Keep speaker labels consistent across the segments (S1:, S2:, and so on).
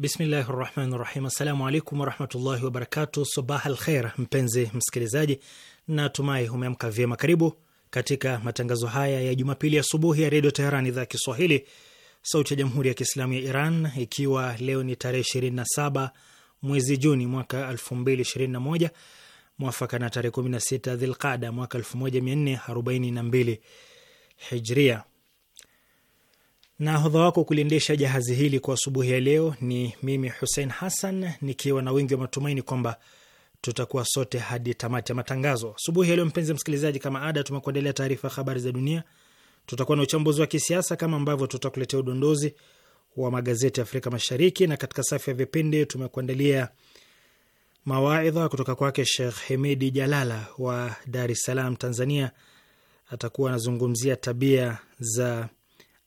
S1: Bismillahi rahmani rahim. Assalamu alaikum warahmatullahi wabarakatu. Sabah al mpenzi msikilizaji, natumai umeamka vyema. Karibu katika matangazo haya ya Jumapili asubuhi ya Redio Teheran, idhaa ya Kiswahili, sauti ya Jamhuri ya Kiislamu ya Iran, ikiwa leo ni tarehe 27 mwezi Juni mwaka moja mwafaka na tarehe 16 Dhilqada mwaka 1442 Hijria. Nahodha wako kuliendesha jahazi hili kwa asubuhi ya leo ni mimi Hussein Hassan, nikiwa na wingi wa matumaini kwamba tutakuwa sote hadi tamati ya matangazo asubuhi ya leo. Mpenzi msikilizaji, kama ada, tumekuandalia taarifa ya habari za dunia, tutakuwa na uchambuzi wa kisiasa kama ambavyo tutakuletea udondozi wa magazeti ya Afrika Mashariki, na katika safu ya vipindi tumekuandalia mawaidha kutoka kwake Sheikh Hemedi Jalala wa Dar es Salaam, Tanzania. Atakuwa anazungumzia tabia za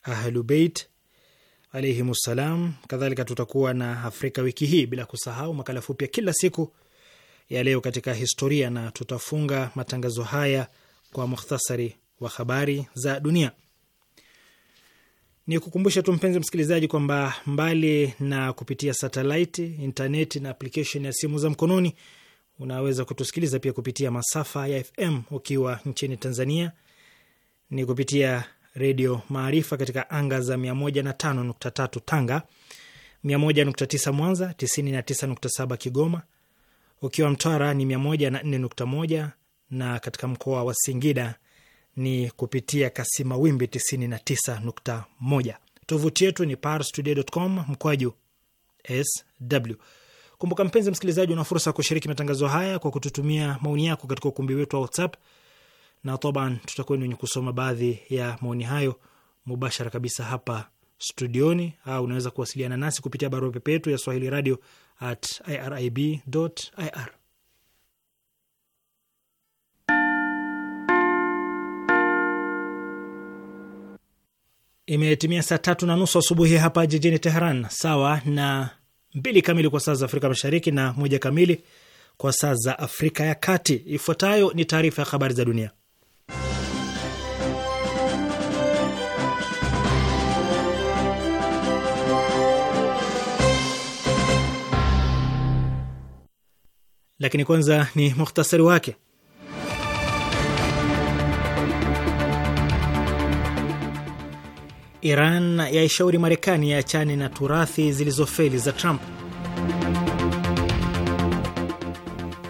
S1: Ahlubeit alaihim ssalam. Kadhalika tutakuwa na Afrika wiki hii, bila kusahau makala fupi ya kila siku ya leo katika historia, na tutafunga matangazo haya kwa mukhtasari wa habari za dunia. Ni kukumbusha tu mpenzi msikilizaji kwamba mbali na kupitia satelaiti, intaneti na aplikesheni ya simu za mkononi, unaweza kutusikiliza pia kupitia masafa ya FM. Ukiwa nchini Tanzania ni kupitia Redio Maarifa katika anga za 105.3 Tanga, 101.9 Mwanza, 99.7 Kigoma, ukiwa Mtwara ni 104.1 na katika mkoa wa Singida ni kupitia kasima wimbi 99.1. Tovuti yetu ni parstoday.com mkwaju sw. Kumbuka mpenzi msikilizaji, una fursa ya kushiriki matangazo haya kwa kututumia maoni yako katika ukumbi wetu wa WhatsApp na taban tutakuwa ni wenye kusoma baadhi ya maoni hayo mubashara kabisa hapa studioni, au unaweza kuwasiliana nasi kupitia barua pepe yetu ya Swahili radio at irib ir. Imetimia saa tatu na nusu asubuhi hapa jijini Teheran, sawa na mbili kamili kwa saa za Afrika Mashariki na moja kamili kwa saa za Afrika ya Kati. Ifuatayo ni taarifa ya habari za dunia lakini kwanza ni muhtasari wake. Iran yaishauri Marekani yaachane na turathi zilizofeli za Trump.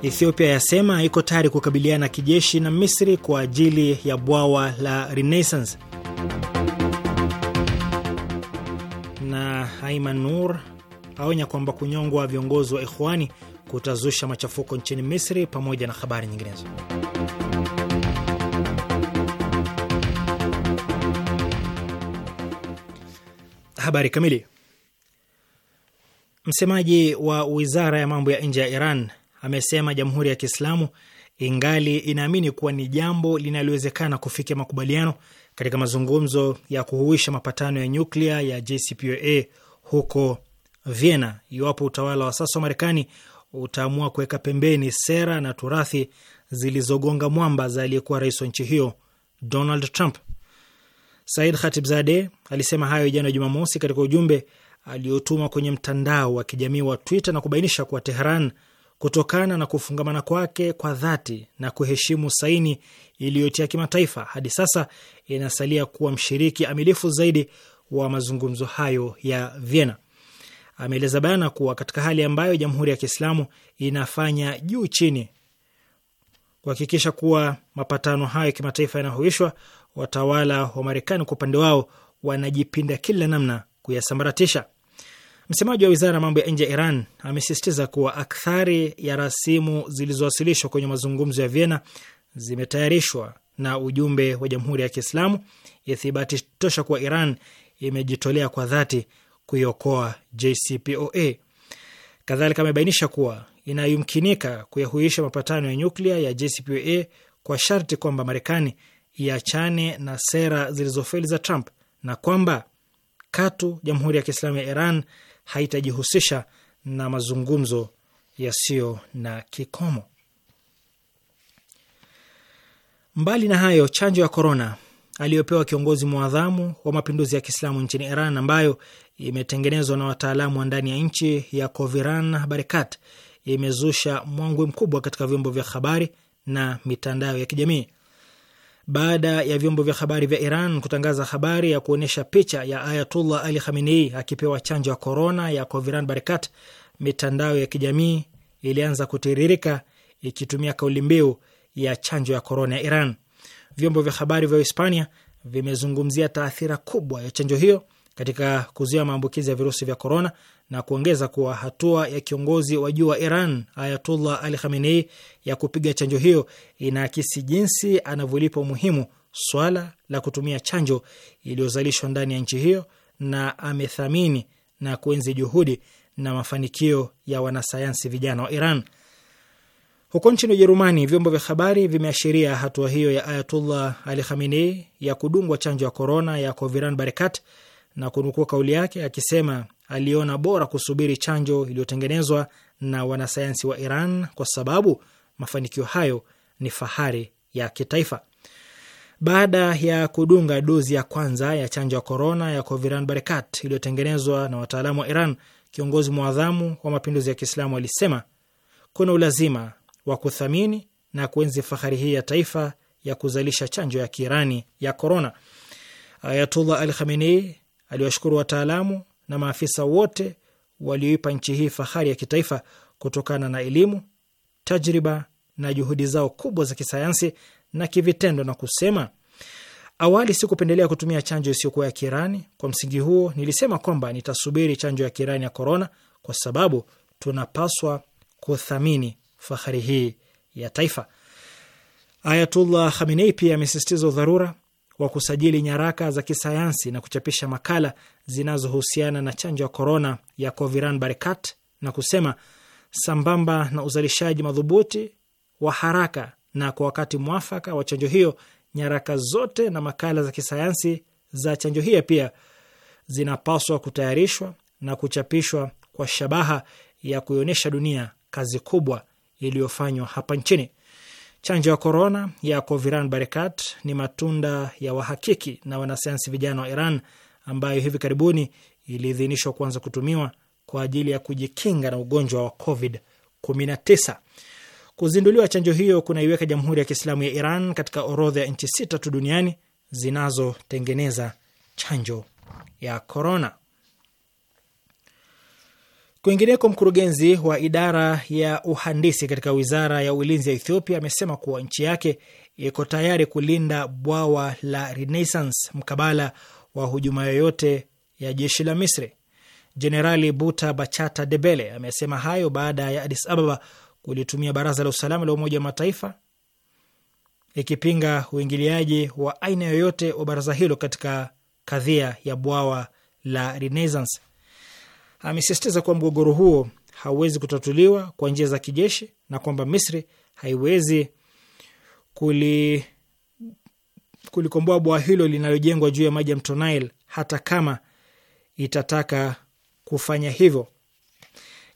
S1: Ethiopia yasema iko tayari kukabiliana kijeshi na Misri kwa ajili ya bwawa la Renaissance. Na Aiman Nur aonya kwamba kunyongwa viongozi wa Ikhwani kutazusha machafuko nchini Misri pamoja na habari nyinginezo. Habari kamili. Msemaji wa wizara ya mambo ya nje ya Iran amesema Jamhuri ya Kiislamu ingali inaamini kuwa ni jambo linalowezekana kufikia makubaliano katika mazungumzo ya kuhuisha mapatano ya nyuklia ya JCPOA huko Vienna iwapo utawala wa sasa wa Marekani utaamua kuweka pembeni sera na turathi zilizogonga mwamba za aliyekuwa rais wa nchi hiyo Donald Trump. Said zade alisema hayo jana Jumamosi katika ujumbe aliotuma kwenye mtandao wa kijamii wa Twitter na kubainisha kuwa Tehran, kutokana na kufungamana kwake kwa dhati na kuheshimu saini iliyotia kimataifa, hadi sasa inasalia kuwa mshiriki amilifu zaidi wa mazungumzo hayo ya Vienna ameeleza bayana kuwa katika hali ambayo Jamhuri ya Kiislamu inafanya juu chini kuhakikisha kuwa mapatano hayo ya kimataifa yanahuishwa, watawala wa Marekani kwa upande wao wanajipinda kila namna kuyasambaratisha. Msemaji wa wizara ya mambo ya nje ya Iran amesisitiza kuwa akthari ya rasimu zilizowasilishwa kwenye mazungumzo ya Vienna zimetayarishwa na ujumbe wa Jamhuri ya Kiislamu, ithibati tosha kuwa Iran imejitolea kwa dhati kuiokoa JCPOA. Kadhalika amebainisha kuwa inayumkinika kuyahuisha mapatano ya nyuklia ya JCPOA kwa sharti kwamba Marekani iachane na sera zilizofeli za Trump na kwamba katu Jamhuri ya Kiislamu ya Iran haitajihusisha na mazungumzo yasiyo na kikomo. Mbali na hayo, chanjo ya korona aliyopewa kiongozi mwadhamu wa mapinduzi ya Kiislamu nchini Iran ambayo imetengenezwa na wataalamu wa ndani ya nchi ya Coviran Barikat imezusha mwangwi mkubwa katika vyombo vya habari na mitandao ya kijamii baada ya vyombo vya habari vya Iran kutangaza habari ya kuonyesha picha ya Ayatullah Ali Khamenei akipewa chanjo ya korona ya Coviran Barikat, mitandao ya kijamii ilianza kutiririka ikitumia kauli mbiu ya chanjo ya korona ya Iran. Vyombo vya habari vya Hispania vimezungumzia taathira kubwa ya chanjo hiyo katika kuzuia maambukizi ya virusi vya korona na kuongeza kuwa hatua ya kiongozi wa juu wa Iran Ayatullah Ali Khamenei ya kupiga chanjo hiyo inaakisi jinsi anavyolipa umuhimu swala la kutumia chanjo iliyozalishwa ndani ya nchi hiyo, na amethamini na kuenzi juhudi na mafanikio ya wanasayansi vijana wa Iran. Huko nchini Ujerumani, vyombo vya habari vimeashiria hatua hiyo ya Ayatullah Ali Khamenei ya kudungwa chanjo ya korona ya Coviran Barakat na kunukuu kauli yake akisema aliona bora kusubiri chanjo iliyotengenezwa na wanasayansi wa Iran kwa sababu mafanikio hayo ni fahari ya kitaifa. Baada ya kudunga dozi ya kwanza ya chanjo ya korona ya Coviran Barakat iliyotengenezwa na wataalamu wa Iran, kiongozi mwadhamu wa mapinduzi ya Kiislamu alisema kuna ulazima wa kuthamini na kuenzi fahari hii ya taifa ya kuzalisha chanjo ya Kiirani ya korona. Ayatullah Al Khamenei aliwashukuru wataalamu na maafisa wote walioipa nchi hii fahari ya kitaifa kutokana na elimu, tajriba na juhudi zao kubwa za kisayansi na kivitendo, na kusema awali sikupendelea kutumia chanjo isiyokuwa ya kirani. Kwa msingi huo, nilisema kwamba nitasubiri chanjo ya kirani ya korona, kwa sababu tunapaswa kuthamini fahari hii ya taifa. Ayatullah Khamenei pia amesisitiza udharura wa kusajili nyaraka za kisayansi na kuchapisha makala zinazohusiana na chanjo ya korona ya Coviran Barikat na kusema sambamba na uzalishaji madhubuti wa haraka na kwa wakati mwafaka wa chanjo hiyo, nyaraka zote na makala za kisayansi za chanjo hiyo pia zinapaswa kutayarishwa na kuchapishwa kwa shabaha ya kuionyesha dunia kazi kubwa iliyofanywa hapa nchini. Chanjo ya korona ya Coviran barekat ni matunda ya wahakiki na wanasayansi vijana wa Iran ambayo hivi karibuni iliidhinishwa kuanza kutumiwa kwa ajili ya kujikinga na ugonjwa wa Covid 19. Kuzinduliwa chanjo hiyo kunaiweka Jamhuri ya Kiislamu ya Iran katika orodha ya nchi sita tu duniani zinazotengeneza chanjo ya korona. Kwingineko, mkurugenzi wa idara ya uhandisi katika wizara ya ulinzi ya Ethiopia amesema kuwa nchi yake iko tayari kulinda bwawa la Renaissance mkabala wa hujuma yoyote ya jeshi la Misri. Jenerali Buta Bachata Debele amesema hayo baada ya Addis Ababa kulitumia Baraza la Usalama la Umoja wa Mataifa ikipinga uingiliaji wa aina yoyote wa baraza hilo katika kadhia ya bwawa la Renaissance. Amesisitiza kuwa mgogoro huo hauwezi kutatuliwa kwa njia za kijeshi na kwamba Misri haiwezi kuli kulikomboa bwawa hilo linalojengwa juu ya maji ya mto Nile hata kama itataka kufanya hivyo.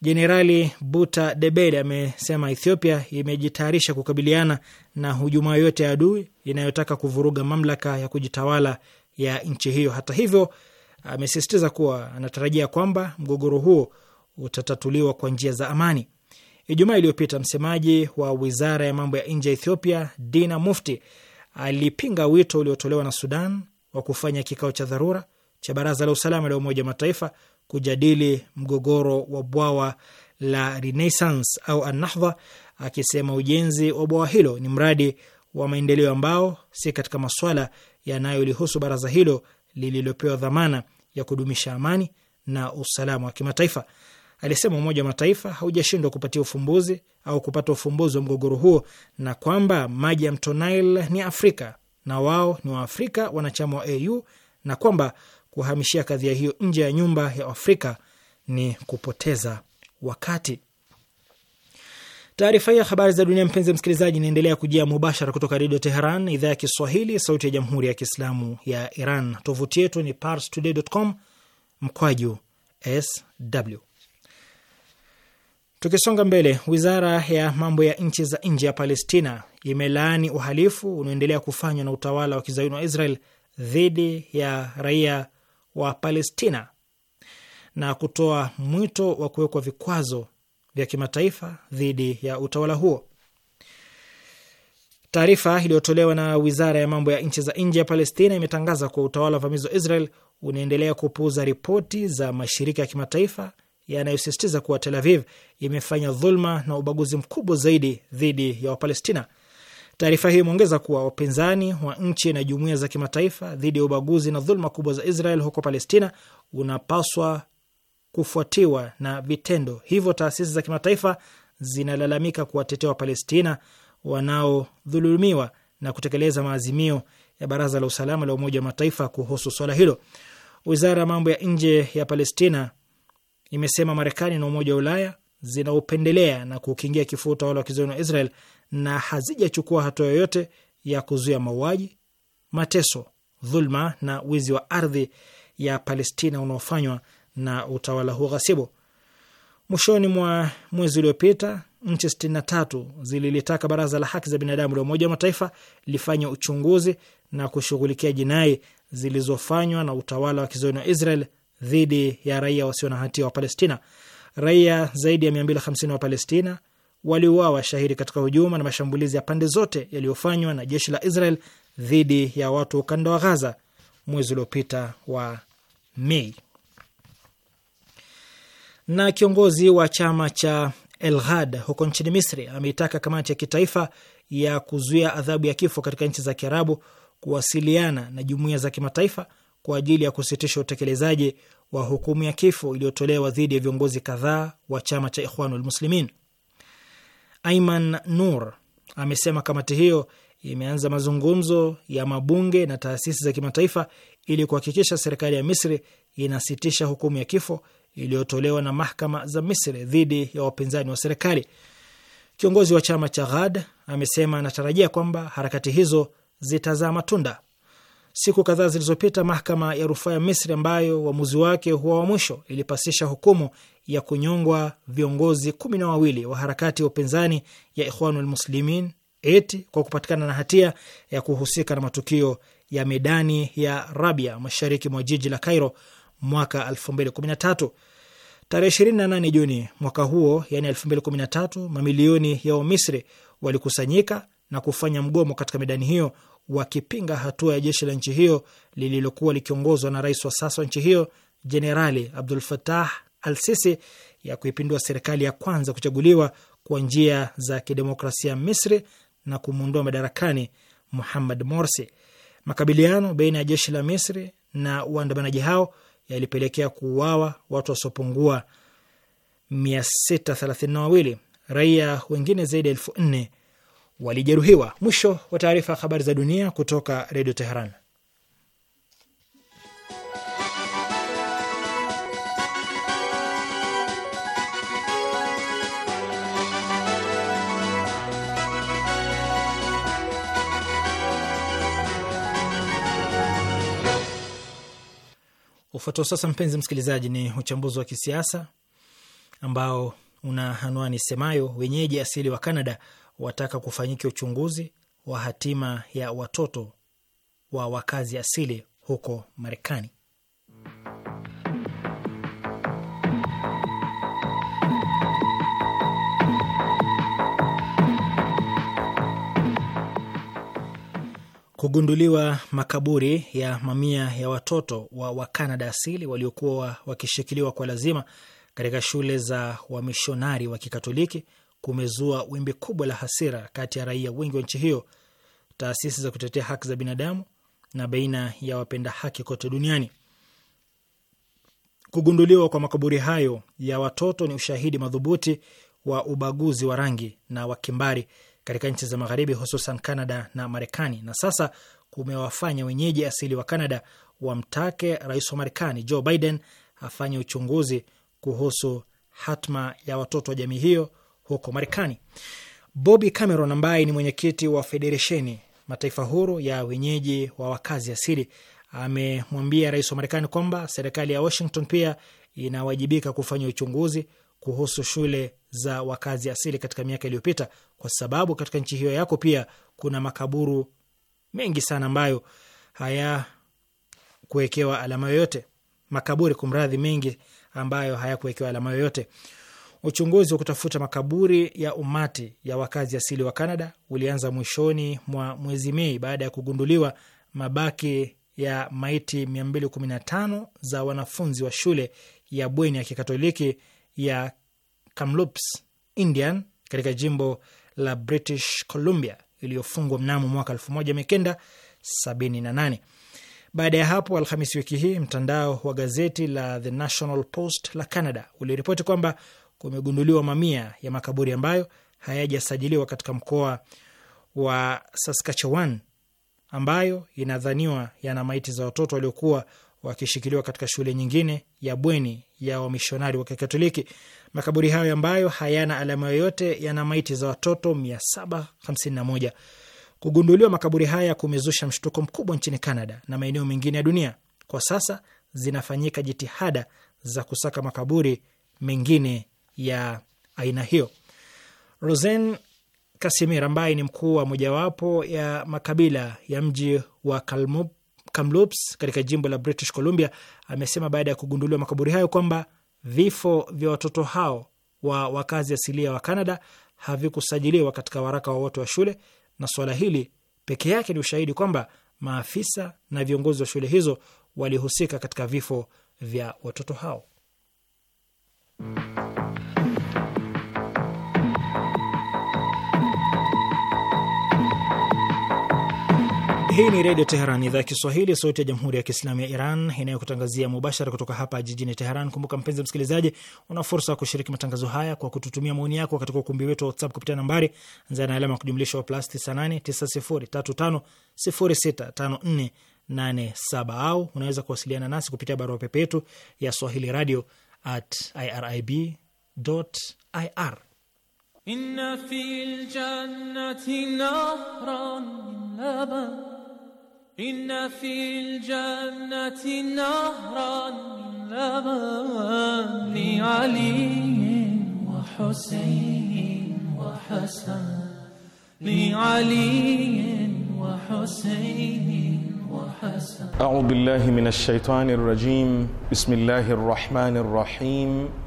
S1: Jenerali Buta Debed amesema Ethiopia imejitayarisha kukabiliana na hujuma yoyote ya adui inayotaka kuvuruga mamlaka ya kujitawala ya nchi hiyo. Hata hivyo amesisitiza kuwa anatarajia kwamba mgogoro huo utatatuliwa kwa njia za amani. Ijumaa iliyopita msemaji wa wizara ya mambo ya nje ya Ethiopia Dina Mufti alipinga wito uliotolewa na Sudan wa kufanya kikao cha dharura cha Baraza la Usalama la Umoja wa Mataifa kujadili mgogoro wa bwawa la Renaissance au Anahdha, akisema ujenzi wa bwawa hilo ni mradi wa maendeleo ambao si katika maswala yanayolihusu baraza hilo lililopewa dhamana ya kudumisha amani na usalama wa kimataifa. Alisema Umoja wa Mataifa haujashindwa kupatia ufumbuzi au kupata ufumbuzi wa mgogoro huo na kwamba maji ya mto Nile ni Afrika na wao ni Waafrika wanachama wa AU na kwamba kuhamishia kadhia hiyo nje ya nyumba ya Afrika ni kupoteza wakati. Taarifa hii ya habari za dunia, mpenzi msikilizaji, inaendelea kujia mubashara kutoka Redio Teheran, idhaa ya Kiswahili, sauti ya jamhuri ya kiislamu ya Iran. Tovuti yetu ni parstoday.com mkwaju sw. Tukisonga mbele, wizara ya mambo ya nchi za nje ya Palestina imelaani uhalifu unaoendelea kufanywa na utawala wa kizayuni wa Israel dhidi ya raia wa Palestina na kutoa mwito wa kuwekwa vikwazo vya kimataifa dhidi ya utawala huo. Taarifa iliyotolewa na wizara ya mambo ya nchi za nje ya Palestina imetangaza kuwa utawala wa vamizi wa Israel unaendelea kupuuza ripoti za mashirika ya kimataifa yanayosisitiza kuwa Tel Aviv imefanya dhulma na ubaguzi mkubwa zaidi dhidi ya Wapalestina. Taarifa hiyo imeongeza kuwa wapinzani wa nchi na jumuiya za kimataifa dhidi ya ubaguzi na dhulma kubwa za Israel huko Palestina unapaswa kufuatiwa na vitendo hivyo. Taasisi za kimataifa zinalalamika kuwatetea Wapalestina wanaodhulumiwa na kutekeleza maazimio ya Baraza la Usalama la Umoja wa Mataifa kuhusu swala hilo. Wizara ya mambo ya nje ya Palestina imesema Marekani na Umoja wa Ulaya zinaupendelea na kuukingia kifua utawala wa kizayuni wa Israel na hazijachukua hatua yoyote ya kuzuia mauaji, mateso, dhulma na wizi wa ardhi ya Palestina unaofanywa na utawala huo ghasibu. Mwishoni mwa mwezi uliopita nchi na tatu zililitaka baraza la haki za binadamu la Umoja wa Mataifa lifanye uchunguzi na kushughulikia jinai zilizofanywa na utawala wa kizoni wa Israel dhidi ya raia wasio na hatia wa Palestina. Raia zaidi ya 250 wa Palestina waliuawa shahidi katika hujuma na mashambulizi ya pande zote yaliyofanywa na jeshi la Israel dhidi ya watu wa ukanda wa Ghaza mwezi uliopita wa Mei. Na kiongozi wa chama cha elhad huko nchini Misri ameitaka kamati ya kitaifa ya kuzuia adhabu ya kifo katika nchi za Kiarabu kuwasiliana na jumuiya za kimataifa kwa ajili ya kusitisha utekelezaji wa hukumu ya kifo iliyotolewa dhidi ya viongozi kadhaa wa chama cha Ikhwanul Muslimin. Aiman Nur amesema kamati hiyo imeanza mazungumzo ya mabunge na taasisi za kimataifa ili kuhakikisha serikali ya Misri inasitisha hukumu ya kifo iliyotolewa na mahakama za Misri dhidi ya wapinzani wa serikali. Kiongozi wa chama cha Ghad amesema anatarajia kwamba harakati hizo zitazaa matunda. Siku kadhaa zilizopita, mahakama ya rufaa ya Misri ambayo uamuzi wake huwa wa mwisho ilipasisha hukumu ya kunyongwa viongozi kumi na wawili wa harakati ya upinzani ya Ikhwanul Muslimin eti kwa kupatikana na hatia ya kuhusika na matukio ya medani ya Rabia mashariki mwa jiji la Cairo mwaka 2013. Tarehe 28 Juni mwaka huo, yani 2013, mamilioni ya Wamisri walikusanyika na kufanya mgomo katika medani hiyo wakipinga hatua ya jeshi la nchi hiyo lililokuwa likiongozwa na rais wa sasa wa nchi hiyo Jenerali Abdul Fatah Al Sisi ya kuipindua serikali ya kwanza kuchaguliwa kwa njia za kidemokrasia Misri na kumwondoa madarakani Muhammad Morsi. Makabiliano baina ya jeshi la Misri na waandamanaji hao yalipelekea kuuawa watu wasiopungua 632. Raia wengine zaidi ya elfu nne walijeruhiwa. Mwisho wa taarifa ya habari za dunia kutoka Redio Teheran. Ufuatao sasa, mpenzi msikilizaji, ni uchambuzi wa kisiasa ambao una anwani semayo wenyeji asili wa Canada wataka kufanyika uchunguzi wa hatima ya watoto wa wakazi asili huko Marekani. kugunduliwa makaburi ya mamia ya watoto wa Wakanada asili waliokuwa wakishikiliwa kwa lazima katika shule za wamishonari wa Kikatoliki kumezua wimbi kubwa la hasira kati ya raia wengi wa nchi hiyo, taasisi za kutetea haki za binadamu na baina ya wapenda haki kote duniani. Kugunduliwa kwa makaburi hayo ya watoto ni ushahidi madhubuti wa ubaguzi wa rangi na wakimbari katika nchi za magharibi hususan Canada na Marekani, na sasa kumewafanya wenyeji asili wa Canada wamtake rais wa Marekani Joe Biden afanye uchunguzi kuhusu hatma ya watoto wa jamii hiyo huko Marekani. Bobby Cameron ambaye ni mwenyekiti wa federesheni mataifa huru ya wenyeji wa wakazi asili amemwambia rais wa Marekani kwamba serikali ya Washington pia inawajibika kufanya uchunguzi kuhusu shule za wakazi asili katika miaka iliyopita, kwa sababu katika nchi hiyo yako pia kuna makaburu mengi sana ambayo kuwekewa alama yoyote, makaburi kumradhi, mengi ambayo hayakuwekewa alama yoyote. Uchunguzi wa kutafuta makaburi ya umati ya wakazi asili wa Kanada ulianza mwishoni mwa mwezi Mei baada ya kugunduliwa mabaki ya maiti 215 za wanafunzi wa shule ya bweni ya Kikatoliki ya Kamloops Indian katika jimbo la British Columbia iliyofungwa mnamo mwaka nane. Baada ya hapo, Alhamisi wiki hii, mtandao wa gazeti la The National Post la Canada uliripoti kwamba kumegunduliwa mamia ya makaburi ambayo hayajasajiliwa katika mkoa wa Saskatchewan ambayo inadhaniwa yana maiti za watoto waliokuwa wakishikiliwa katika shule nyingine ya bweni ya wamishonari wa Kikatoliki. Makaburi hayo ambayo hayana alama yoyote yana maiti za watoto 751. Kugunduliwa makaburi haya kumezusha mshtuko mkubwa nchini Canada na maeneo mengine ya dunia. Kwa sasa zinafanyika jitihada za kusaka makaburi mengine ya aina hiyo. Rosen Kasimir ambaye ni mkuu wa mojawapo ya makabila ya mji wa Kalmup Kamloops katika jimbo la British Columbia amesema baada ya kugunduliwa makaburi hayo kwamba vifo vya watoto hao wa wakazi asilia wa Canada havikusajiliwa katika waraka wowote wa, wa shule na suala hili peke yake ni ushahidi kwamba maafisa na viongozi wa shule hizo walihusika katika vifo vya watoto hao. Hii ni Redio Teheran, idhaa ya Kiswahili, sauti ya Jamhuri ya Kiislamu ya Iran inayokutangazia mubashara kutoka hapa jijini Teheran. Kumbuka mpenzi msikilizaji, una fursa ya kushiriki matangazo haya kwa kututumia maoni yako katika ukumbi wetu wa WhatsApp kupitia nambari anza na alama ya kujumlisha wa plus 989035065487 au unaweza kuwasiliana nasi kupitia barua pepe yetu ya swahili radio at irib ir
S2: inna fil jannati nahran laban إن في الجنة نهرا من لبن لعلي وحسين وحسن لعلي وحسين وحسن
S3: أعوذ بالله من الشيطان الرجيم بسم الله الرحمن الرحيم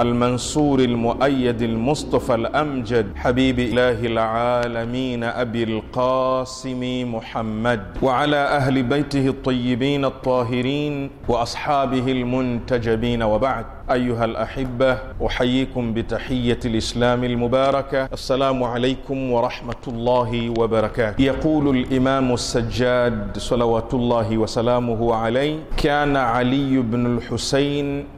S3: المنصور المؤيد المصطفى الأمجد حبيب إله العالمين أبي القاسم محمد وعلى أهل بيته الطيبين الطاهرين وأصحابه المنتجبين وبعد أيها الأحبة أحييكم بتحية الإسلام المباركة السلام عليكم ورحمة الله وبركاته يقول الإمام السجاد صلوات الله وسلامه عليه كان علي بن الحسين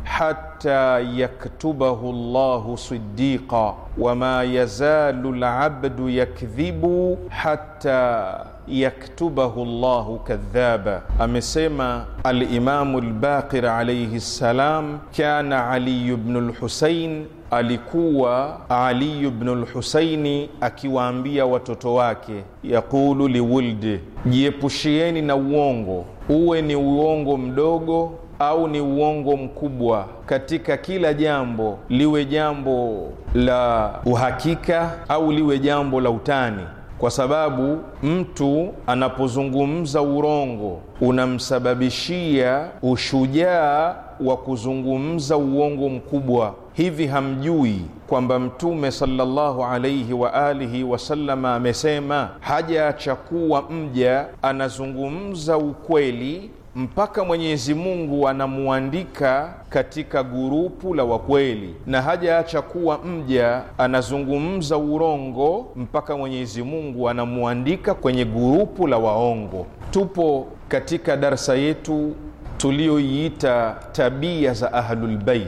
S3: hata yaktubahu llahu sidiqa wama yazalu labdu yakdhibu hata yaktubahu llahu kadhaba. Amesema Alimamu Lbaqir alaihi ssalam, kana Aliyu bnu Lhusain, alikuwa Aliyu bnu Lhusaini akiwaambia watoto wake, yaqulu liwuldi, jiepushieni na uongo, uwe ni uongo mdogo au ni uongo mkubwa katika kila jambo, liwe jambo la uhakika au liwe jambo la utani, kwa sababu mtu anapozungumza urongo unamsababishia ushujaa wa kuzungumza uongo mkubwa. Hivi hamjui kwamba Mtume sallallahu alaihi wa alihi wasallama amesema, hajaacha kuwa mja anazungumza ukweli mpaka Mwenyezi Mungu anamuandika katika gurupu la wakweli, na hajaacha kuwa mja anazungumza urongo mpaka Mwenyezi Mungu anamuandika kwenye gurupu la waongo. Tupo katika darsa yetu tuliyoiita tabia za Ahlulbeit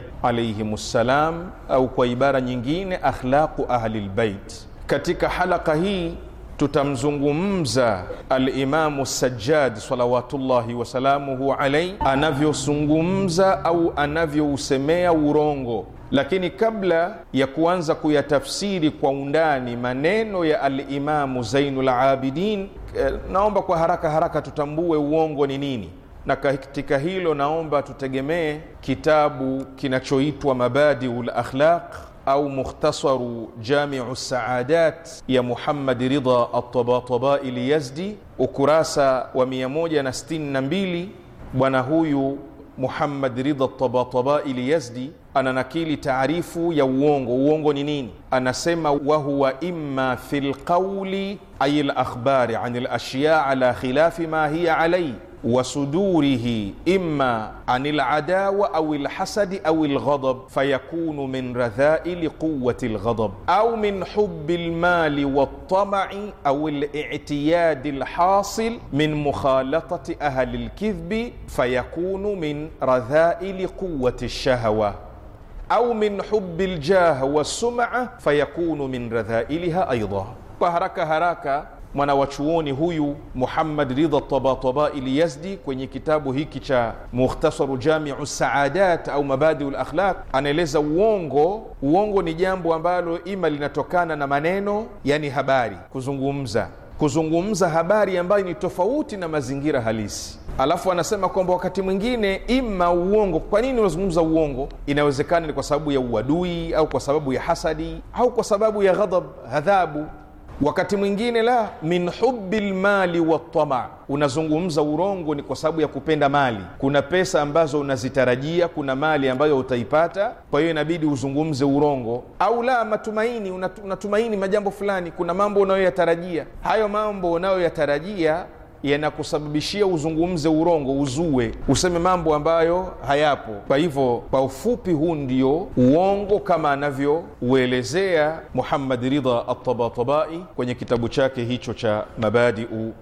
S3: ssalam, au kwa ibara nyingine akhlaqu Ahlilbeit. Katika halaka hii tutamzungumza Alimamu Sajjad salawatullahi wasalamuhu alaihi anavyozungumza au anavyousemea urongo, lakini kabla ya kuanza kuyatafsiri kwa undani maneno ya Alimamu Zainul Abidin, eh, naomba kwa haraka haraka tutambue uongo ni nini, na katika hilo naomba tutegemee kitabu kinachoitwa Mabadiul Akhlaq au mukhtasaru jamiu saadat ya Muhammad Ridha Altabatabai Lyazdi, ukurasa wa 162. Bwana huyu Muhammad Ridha Tabatabai Lyazdi ananakili taarifu ya uongo. Uongo ni nini? Anasema wahuwa imma fi lqauli ay lakhbari an lashya ala khilafi ma hiya alaihi وصدوره إما عن العداوة أو الحسد أو الغضب فيكون من رذائل قوة الغضب أو من حب المال والطمع أو الاعتياد الحاصل من مخالطة أهل الكذب فيكون من رذائل قوة الشهوة أو من حب الجاه والسمعة فيكون من رذائلها أيضا kwa هراك mwana wa chuoni huyu Muhammad Ridha Tabatabai Yazdi kwenye kitabu hiki cha Mukhtasaru Jamiu Saadat au Mabadiu Lakhlaq anaeleza uongo. Uongo ni jambo ambalo ima linatokana na maneno, yani habari, kuzungumza kuzungumza habari ambayo ni tofauti na mazingira halisi. Alafu anasema kwamba wakati mwingine ima uongo. Kwa nini unazungumza uongo? Inawezekana ni kwa sababu ya uadui au kwa sababu ya hasadi au kwa sababu ya ghadhab, adhabu Wakati mwingine la min hubi lmali watama, unazungumza urongo ni kwa sababu ya kupenda mali. Kuna pesa ambazo unazitarajia, kuna mali ambayo utaipata, kwa hiyo inabidi uzungumze urongo. Au la matumaini, unatumaini majambo fulani, kuna mambo unayoyatarajia. Hayo mambo unayoyatarajia yanakusababishia uzungumze urongo, uzue, useme mambo ambayo hayapo. Kwa hivyo, kwa ufupi, huu ndio uongo kama anavyouelezea Muhammad Ridha Altabatabai kwenye kitabu chake hicho cha Mabadiu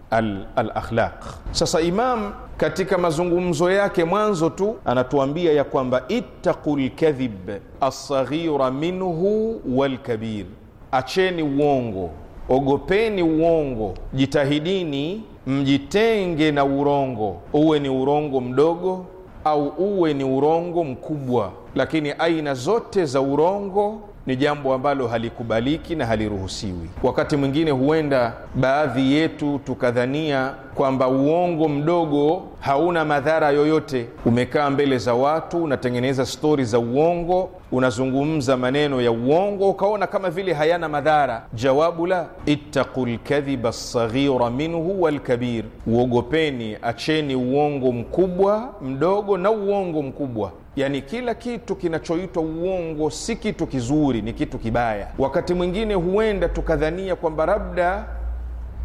S3: Alakhlaq. Sasa Imam katika mazungumzo yake mwanzo tu anatuambia ya kwamba ittaqu lkadhib alsaghira minhu walkabir, acheni uongo ogopeni uongo, jitahidini mjitenge na urongo, uwe ni urongo mdogo au uwe ni urongo mkubwa, lakini aina zote za urongo ni jambo ambalo halikubaliki na haliruhusiwi. Wakati mwingine huenda baadhi yetu tukadhania kwamba uongo mdogo hauna madhara yoyote. Umekaa mbele za watu, unatengeneza stori za uongo, unazungumza maneno ya uongo, ukaona kama vile hayana madhara. Jawabu la ittaqu lkadhiba lsaghira minhu walkabir, uogopeni, acheni uongo mkubwa, mdogo na uongo mkubwa yani kila kitu kinachoitwa uongo si kitu kizuri, ni kitu kibaya. Wakati mwingine huenda tukadhania kwamba labda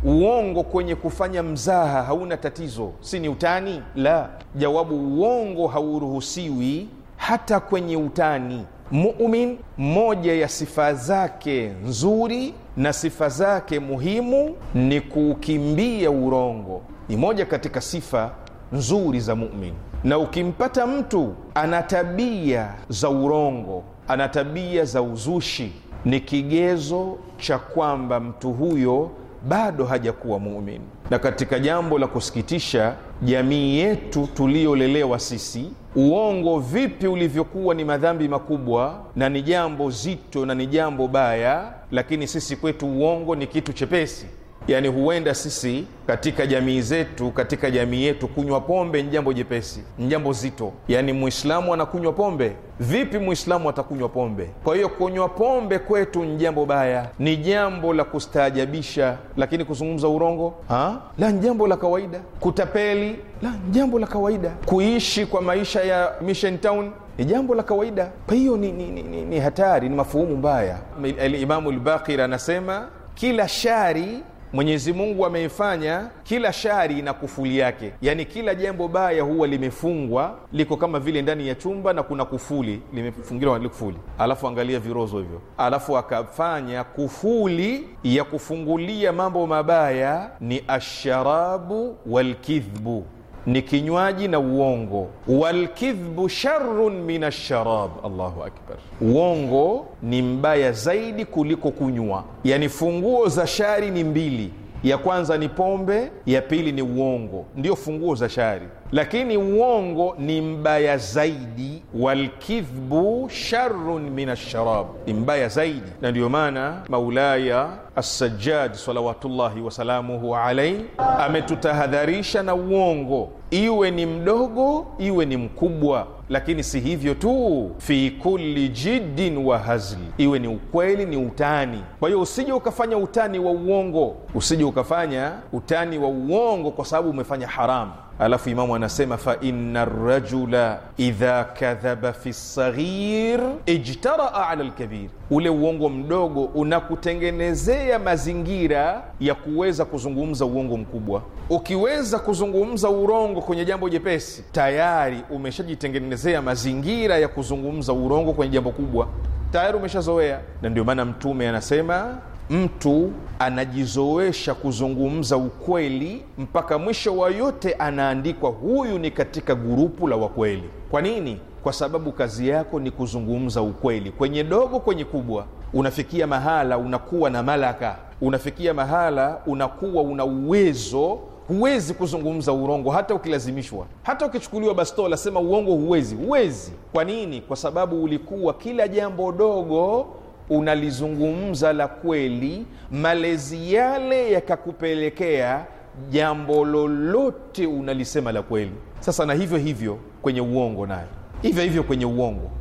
S3: uongo kwenye kufanya mzaha hauna tatizo, si ni utani? La, jawabu, uongo hauruhusiwi hata kwenye utani. Mumin, moja ya sifa zake nzuri na sifa zake muhimu ni kuukimbia urongo, ni moja katika sifa nzuri za mumin na ukimpata mtu ana tabia za urongo, ana tabia za uzushi, ni kigezo cha kwamba mtu huyo bado hajakuwa muumini. Na katika jambo la kusikitisha, jamii yetu tuliyolelewa sisi, uongo vipi ulivyokuwa ni madhambi makubwa na ni jambo zito na ni jambo baya, lakini sisi kwetu uongo ni kitu chepesi yani huenda sisi katika jamii zetu katika jamii yetu kunywa pombe ni jambo jepesi ni jambo zito yani mwislamu anakunywa pombe vipi mwislamu atakunywa pombe kwa hiyo kunywa pombe kwetu ni jambo baya ni jambo la kustaajabisha lakini kuzungumza urongo ha? la ni jambo la kawaida kutapeli la ni jambo la kawaida kuishi kwa maisha ya mission town ni jambo la kawaida kwa hiyo ni, ni, ni, ni, ni hatari ni mafuhumu mbaya alimamu lbakir anasema kila shari Mwenyezi Mungu ameifanya kila shari na kufuli yake, yaani kila jambo baya huwa limefungwa, liko kama vile ndani ya chumba na kuna kufuli limefungiwa na kufuli, alafu angalia virozo hivyo, alafu akafanya kufuli ya kufungulia mambo mabaya ni asharabu walkidhbu ni kinywaji na uongo. Walkidhbu sharun min alsharab, Allahu akbar. Uongo ni mbaya zaidi kuliko kunywa, yani funguo za shari ni mbili ya kwanza ni pombe, ya pili ni uongo, ndio funguo za shari. Lakini uongo ni mbaya zaidi, walkidhbu sharun min alsharab, ni mbaya zaidi. Na ndiyo maana Maulaya Assajjad salawatullahi wasalamuhu alaihi ametutahadharisha na uongo, iwe ni mdogo iwe ni mkubwa lakini si hivyo tu, fi kulli jiddin wa hazl, iwe ni ukweli, ni utani. Kwa hiyo usije ukafanya utani wa uongo, usije ukafanya utani wa uongo kwa sababu umefanya haramu alafu imamu anasema fa inna rajula idha kadhaba fi lsaghir ijtaraa ala lkabir, ule uongo mdogo unakutengenezea mazingira ya kuweza kuzungumza uongo mkubwa. Ukiweza kuzungumza urongo kwenye jambo jepesi, tayari umeshajitengenezea mazingira ya kuzungumza urongo kwenye jambo kubwa, tayari umeshazoea. Na ndio maana Mtume anasema mtu anajizoesha kuzungumza ukweli mpaka mwisho wa yote anaandikwa huyu ni katika gurupu la wakweli. Kwa nini? Kwa sababu kazi yako ni kuzungumza ukweli, kwenye dogo, kwenye kubwa. Unafikia mahala unakuwa na malaka, unafikia mahala unakuwa una uwezo Huwezi kuzungumza urongo hata ukilazimishwa, hata ukichukuliwa bastola, sema uongo, huwezi, huwezi. Kwa nini? Kwa sababu ulikuwa kila jambo dogo unalizungumza la kweli, malezi yale yakakupelekea jambo lolote unalisema la kweli. Sasa na hivyo hivyo kwenye uongo, nayo hivyo hivyo kwenye uongo,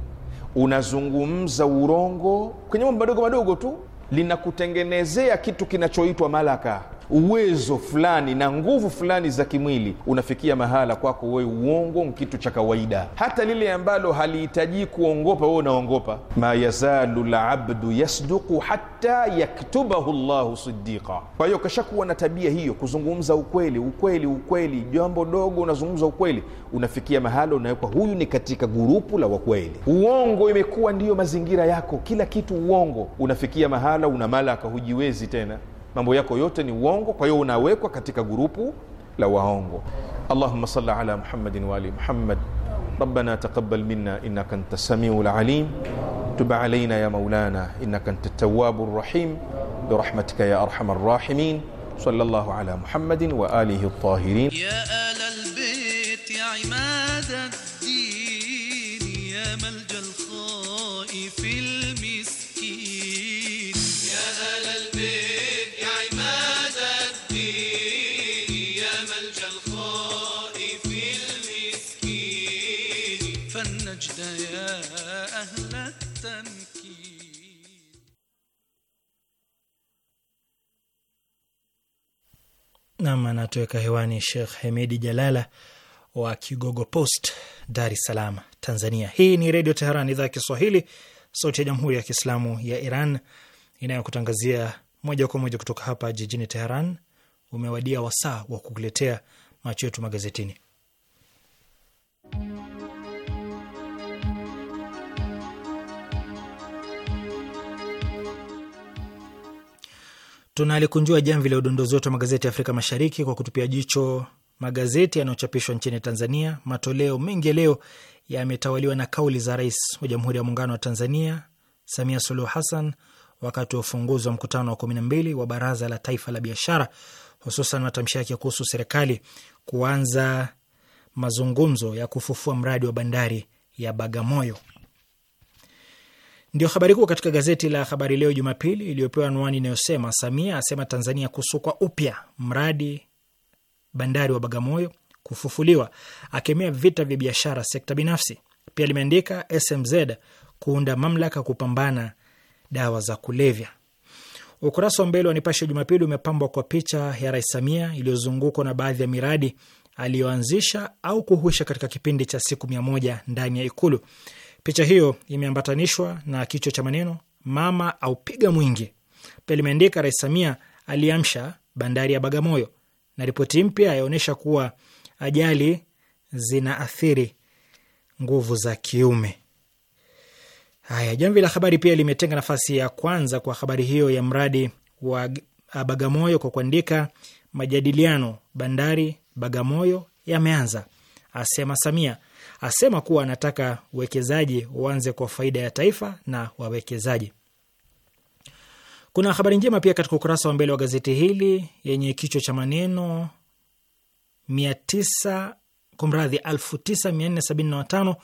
S3: unazungumza urongo kwenye mambo madogo madogo tu, linakutengenezea kitu kinachoitwa malaka uwezo fulani na nguvu fulani za kimwili, unafikia mahala kwako wewe uongo kitu cha kawaida, hata lile ambalo halihitaji kuongopa wewe unaongopa. ma yazalu labdu yasduqu hata yaktubahu llahu sidiqa. Kwa hiyo kashakuwa na tabia hiyo, kuzungumza ukweli, ukweli, ukweli, jambo dogo unazungumza ukweli, unafikia mahala unawekwa, huyu ni katika gurupu la wakweli. Uongo imekuwa ndiyo mazingira yako, kila kitu uongo. Unafikia mahala una malaka, hujiwezi tena mambo yako yote ni uongo kwa hiyo unawekwa katika gurupu la waongo allahuma sali ala muhammadin waali muhammad ربنا تقبل منا انك انت السميع العليم تب علينا يا مولانا انك انت التواب الرحيم برحمتك يا ارحم الراحمين صلى الله على محمد واله الطاهرين يا
S2: ال البيت يا عماد الدين يا ملجا الخائفين
S1: nam anatoweka hewani Shekh Hemedi Jalala wa Kigogo Post, Dar es Salaam, Tanzania. Hii ni Redio Teheran, idhaa ya Kiswahili, sauti ya Jamhuri ya Kiislamu ya Iran inayokutangazia moja kwa moja kutoka hapa jijini Teheran. Umewadia wasaa wa kukuletea macho yetu magazetini. Tunalikunjua jamvi la udondozi wetu wa magazeti ya Afrika Mashariki kwa kutupia jicho magazeti yanayochapishwa nchini Tanzania. Matoleo mengi leo yametawaliwa na kauli za Rais wa Jamhuri ya Muungano wa Tanzania Samia Suluhu Hassan wakati wa ufunguzi wa mkutano wa kumi na mbili wa Baraza la Taifa la Biashara, hususan matamshi yake kuhusu serikali kuanza mazungumzo ya kufufua mradi wa bandari ya Bagamoyo. Ndio habari kuu katika gazeti la Habari Leo Jumapili, iliyopewa anwani inayosema Samia asema Tanzania kusukwa upya mradi bandari wa Bagamoyo kufufuliwa, akemea vita vya biashara sekta binafsi. Pia limeandika SMZ kuunda mamlaka kupambana dawa za kulevya. Ukurasa wa mbele wa Nipashe Jumapili umepambwa kwa picha ya Rais Samia iliyozungukwa na baadhi ya miradi aliyoanzisha au kuhuisha katika kipindi cha siku mia moja ndani ya Ikulu. Picha hiyo imeambatanishwa na kichwa cha maneno mama aupiga mwingi. Pia limeandika Rais Samia aliamsha bandari ya Bagamoyo, na ripoti mpya yaonyesha kuwa ajali zinaathiri nguvu za kiume. Haya, Jamvi la Habari pia limetenga nafasi ya kwanza kwa habari hiyo ya mradi wa Bagamoyo kwa kuandika majadiliano bandari Bagamoyo yameanza, asema Samia asema kuwa anataka uwekezaji uanze kwa faida ya taifa na wawekezaji. Kuna habari njema pia katika ukurasa wa mbele wa gazeti hili yenye kichwa cha maneno mia tisa kumradhi, elfu tisa mia nne sabini na watano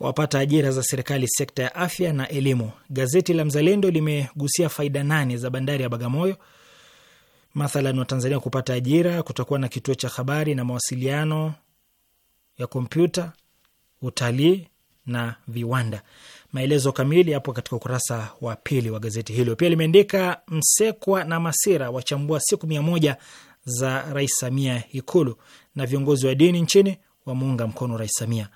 S1: wapata ajira za serikali sekta ya afya na elimu. Gazeti la Mzalendo limegusia faida nane za bandari ya Bagamoyo. Mathalan, Watanzania kupata ajira, kutakuwa na kituo cha habari na mawasiliano ya kompyuta, utalii na viwanda. Maelezo kamili yapo katika ukurasa wa pili wa gazeti hilo. Pia limeandika Msekwa na Masira wachambua siku mia moja za Rais Samia Ikulu, na viongozi wa dini nchini wamuunga mkono Rais Samia.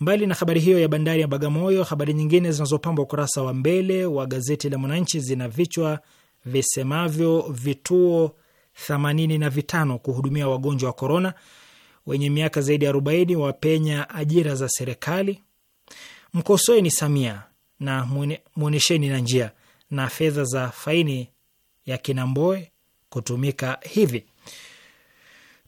S1: Mbali na habari hiyo ya bandari ya Bagamoyo, habari nyingine zinazopamba ukurasa wa mbele wa gazeti la Mwananchi zina vichwa visemavyo: vituo themanini na vitano kuhudumia wagonjwa wa korona wenye miaka zaidi ya arobaini wapenya ajira za serikali. Mkosoeni Samia na mwonesheni na njia, na fedha za faini ya Kinamboe kutumika hivi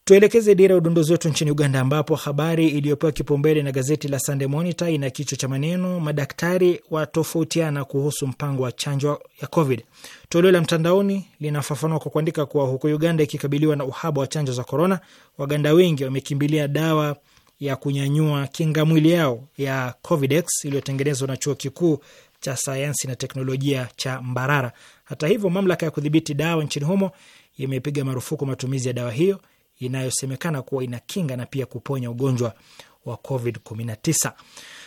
S1: Tuelekeze dira ya udondozi wetu nchini Uganda, ambapo habari iliyopewa kipaumbele na gazeti la Sunday Monitor ina kichwa cha maneno madaktari watofautiana kuhusu mpango wa chanjo ya Covid. Toleo la mtandaoni linafafanua kwa kuandika kuwa huku Uganda ikikabiliwa na uhaba wa chanjo za korona, Waganda wengi wamekimbilia dawa ya kunyanyua kinga mwili yao ya Covidex iliyotengenezwa na chuo kikuu cha sayansi na teknolojia cha Mbarara. Hata hivyo, mamlaka ya kudhibiti dawa nchini humo imepiga marufuku matumizi ya dawa hiyo inayosemekana kuwa inakinga na pia kuponya ugonjwa wa COVID-19.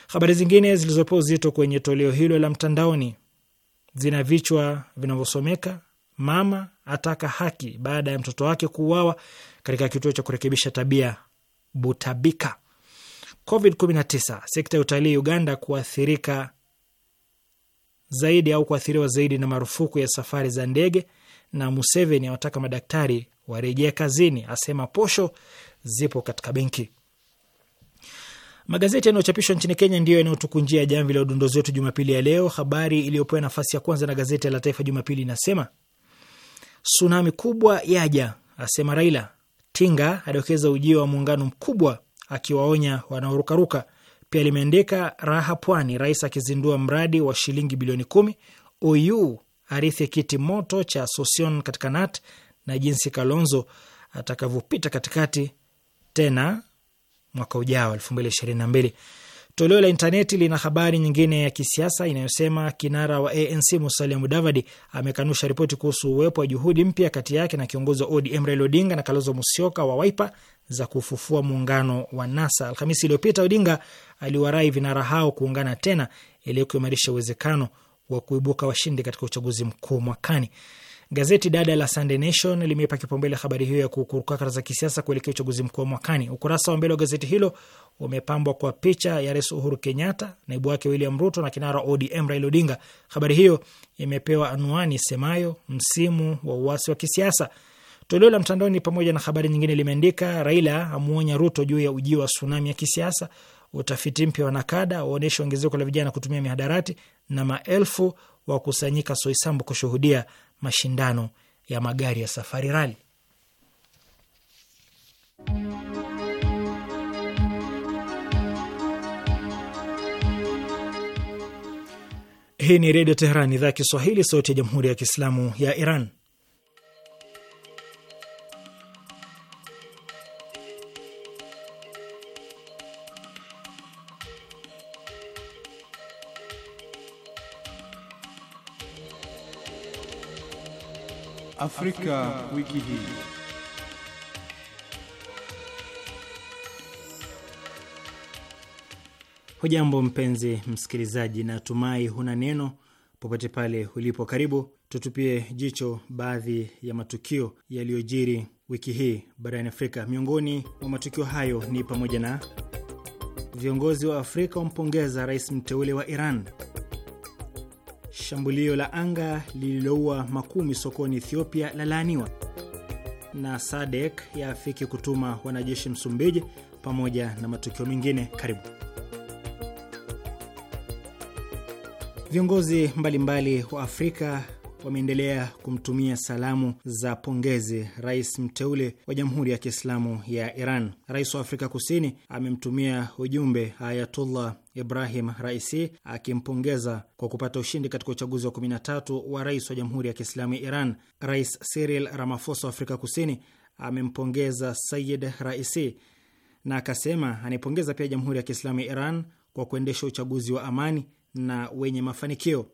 S1: Habari zingine zilizopewa uzito kwenye toleo hilo la mtandaoni zina vichwa vinavyosomeka mama ataka haki baada ya mtoto wake kuuawa katika kituo cha kurekebisha tabia Butabika. COVID-19, sekta ya utalii Uganda kuathirika zaidi au kuathiriwa zaidi na marufuku ya safari za ndege, na Museveni awataka madaktari warejea kazini, asema posho zipo katika benki. Magazeti yanayochapishwa nchini Kenya ndiyo yanayotukunjia jamvi la udondozi wetu Jumapili ya leo. Habari iliyopewa nafasi ya kwanza na gazeti la Taifa Jumapili inasema tsunami kubwa yaja, asema Raila. Tinga adokeza ujio wa muungano mkubwa, akiwaonya wanaorukaruka. Pia limeandika raha pwani, rais akizindua mradi wa shilingi bilioni kumi. OU arithi kiti moto cha Sosion katika NAT na jinsi Kalonzo atakavyopita katikati tena mwaka ujao elfu mbili ishirini na mbili. Toleo la intaneti lina habari nyingine ya kisiasa inayosema kinara wa ANC Musalia Mudavadi amekanusha ripoti kuhusu uwepo wa juhudi mpya kati yake na kiongozi wa ODM Raila Odinga na Kalonzo Musyoka wa Waipa za kufufua muungano wa NASA. Alhamisi iliyopita, Odinga aliwarai vinara hao kuungana tena ili kuimarisha uwezekano wa kuibuka washindi katika uchaguzi mkuu mwakani. Gazeti dada la Sunday Nation limeipa kipaumbele habari hiyo ya kukurukakara za kisiasa kuelekea uchaguzi mkuu wa mwakani. Ukurasa wa mbele wa gazeti hilo umepambwa kwa picha ya Rais Uhuru Kenyatta, naibu wake William Ruto na kinara ODM Raila Odinga. Habari hiyo imepewa anwani semayo msimu wa uasi wa kisiasa. Toleo la mtandaoni pamoja na habari nyingine limeandika Raila amuonya Ruto juu ya ujio wa tsunami ya kisiasa, utafiti mpya wa Nakada waonyesha ongezeko la vijana kutumia mihadarati, na maelfu wakusanyika Soisambu kushuhudia mashindano ya magari ya safari rali. Hii ni Redio Teheran, idhaa ya Kiswahili, sauti ya Jamhuri ya Kiislamu ya Iran.
S4: Afrika, wiki hii.
S1: Hujambo mpenzi msikilizaji, natumai huna neno popote pale ulipo. Karibu tutupie jicho baadhi ya matukio yaliyojiri wiki hii barani Afrika. Miongoni mwa matukio hayo ni pamoja na viongozi wa Afrika wampongeza rais mteule wa Iran Shambulio la anga lililoua makumi sokoni Ethiopia lalaaniwa, na Sadek yaafiki kutuma wanajeshi Msumbiji, pamoja na matukio mengine. Karibu. Viongozi mbalimbali wa Afrika wameendelea kumtumia salamu za pongezi rais mteule wa Jamhuri ya Kiislamu ya Iran. Rais wa Afrika Kusini amemtumia ujumbe Ayatullah Ibrahim Raisi akimpongeza kwa kupata ushindi katika uchaguzi wa 13 wa rais wa Jamhuri ya Kiislamu ya Iran. Rais Cyril Ramaphosa wa Afrika Kusini amempongeza Sayid Raisi na akasema anaipongeza pia Jamhuri ya Kiislamu ya Iran kwa kuendesha uchaguzi wa amani na wenye mafanikio.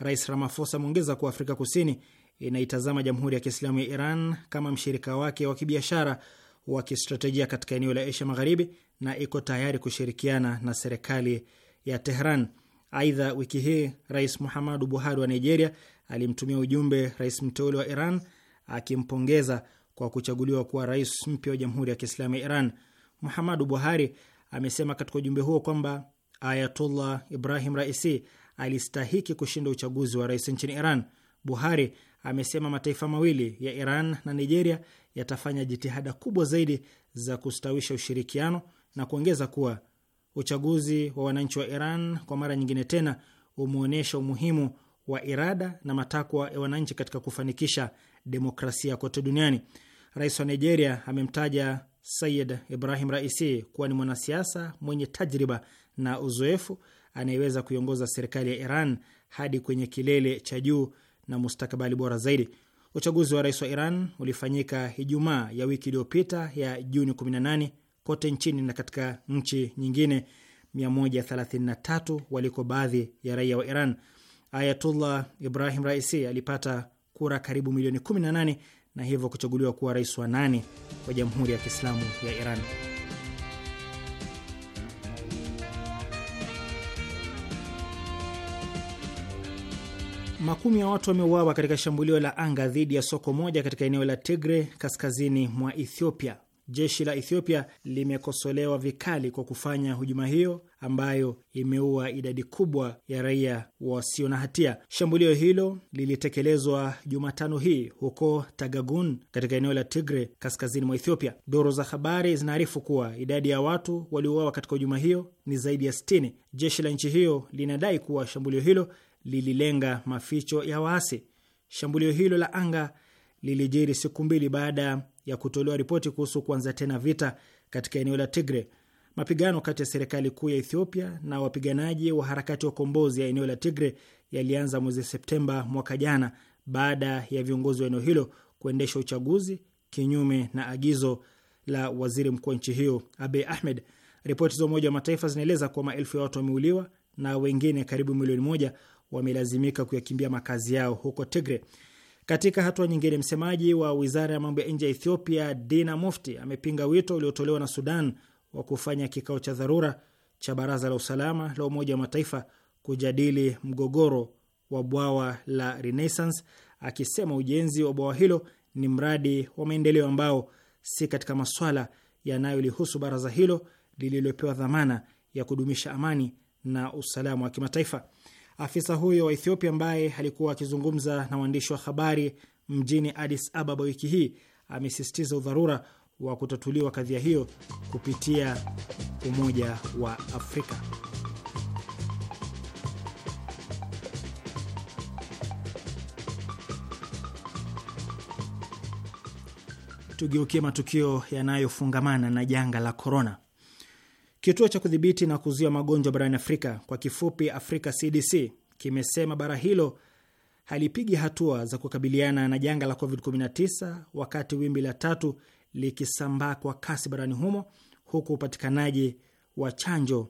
S1: Rais Ramaphosa ameongeza kuwa Afrika Kusini inaitazama Jamhuri ya Kiislamu ya Iran kama mshirika wake wa kibiashara wa kistratejia katika eneo la Asia Magharibi na iko tayari kushirikiana na serikali ya Tehran. Aidha, wiki hii Rais Muhammadu Buhari wa Nigeria alimtumia ujumbe rais mteule wa Iran akimpongeza kwa kuchaguliwa kuwa rais mpya wa Jamhuri ya Kiislamu ya Iran. Muhammadu Buhari amesema katika ujumbe huo kwamba Ayatullah Ibrahim Raisi alistahiki kushinda uchaguzi wa rais nchini Iran. Buhari amesema mataifa mawili ya Iran na Nigeria yatafanya jitihada kubwa zaidi za kustawisha ushirikiano na kuongeza kuwa uchaguzi wa wananchi wa Iran kwa mara nyingine tena umeonyesha umuhimu wa irada na matakwa ya wananchi katika kufanikisha demokrasia kote duniani. Rais wa Nigeria amemtaja Sayid Ibrahim Raisi kuwa ni mwanasiasa mwenye tajriba na uzoefu anayeweza kuiongoza serikali ya Iran hadi kwenye kilele cha juu na mustakabali bora zaidi. Uchaguzi wa rais wa Iran ulifanyika Ijumaa ya wiki iliyopita ya Juni 18 kote nchini na katika nchi nyingine 133 waliko baadhi ya raia wa Iran. Ayatullah Ibrahim Raisi alipata kura karibu milioni 18 na hivyo kuchaguliwa kuwa rais wa nane wa Jamhuri ya Kiislamu ya Iran. Makumi ya watu wameuawa katika shambulio la anga dhidi ya soko moja katika eneo la Tigre kaskazini mwa Ethiopia. Jeshi la Ethiopia limekosolewa vikali kwa kufanya hujuma hiyo ambayo imeua idadi kubwa ya raia wasio na hatia. Shambulio hilo lilitekelezwa Jumatano hii huko Tagagun katika eneo la Tigre kaskazini mwa Ethiopia. Doro za habari zinaarifu kuwa idadi ya watu waliouawa katika hujuma hiyo ni zaidi ya 60. Jeshi la nchi hiyo linadai kuwa shambulio hilo lililenga maficho ya waasi. Shambulio hilo la anga lilijiri siku mbili baada ya kutolewa ripoti kuhusu kuanza tena vita katika eneo la Tigre. Mapigano kati ya serikali kuu ya Ethiopia na wapiganaji wa harakati ya ukombozi ya eneo la Tigre yalianza mwezi Septemba mwaka jana baada ya viongozi wa eneo hilo kuendesha uchaguzi kinyume na agizo la waziri mkuu wa nchi hiyo Abiy Ahmed. Ripoti za Umoja wa Mataifa zinaeleza kuwa maelfu ya watu wameuliwa na wengine karibu milioni moja wamelazimika kuyakimbia makazi yao huko Tigre. Katika hatua nyingine, msemaji wa wizara ya mambo ya nje ya Ethiopia Dina Mufti amepinga wito uliotolewa na Sudan wa kufanya kikao cha dharura cha Baraza la Usalama la Umoja wa Mataifa kujadili mgogoro wa bwawa la Renaissance, akisema ujenzi wa bwawa hilo ni mradi wa maendeleo ambao si katika maswala yanayolihusu baraza hilo lililopewa dhamana ya kudumisha amani na usalama wa kimataifa. Afisa huyo wa Ethiopia ambaye alikuwa akizungumza na waandishi wa habari mjini Addis Ababa wiki hii amesisitiza udharura wa kutatuliwa kadhia hiyo kupitia Umoja wa Afrika. Tugeukie matukio yanayofungamana na janga la korona. Kituo cha kudhibiti na kuzuia magonjwa barani Afrika, kwa kifupi Afrika CDC, kimesema bara hilo halipigi hatua za kukabiliana na janga la COVID-19 wakati wimbi la tatu likisambaa kwa kasi barani humo, huku upatikanaji wa chanjo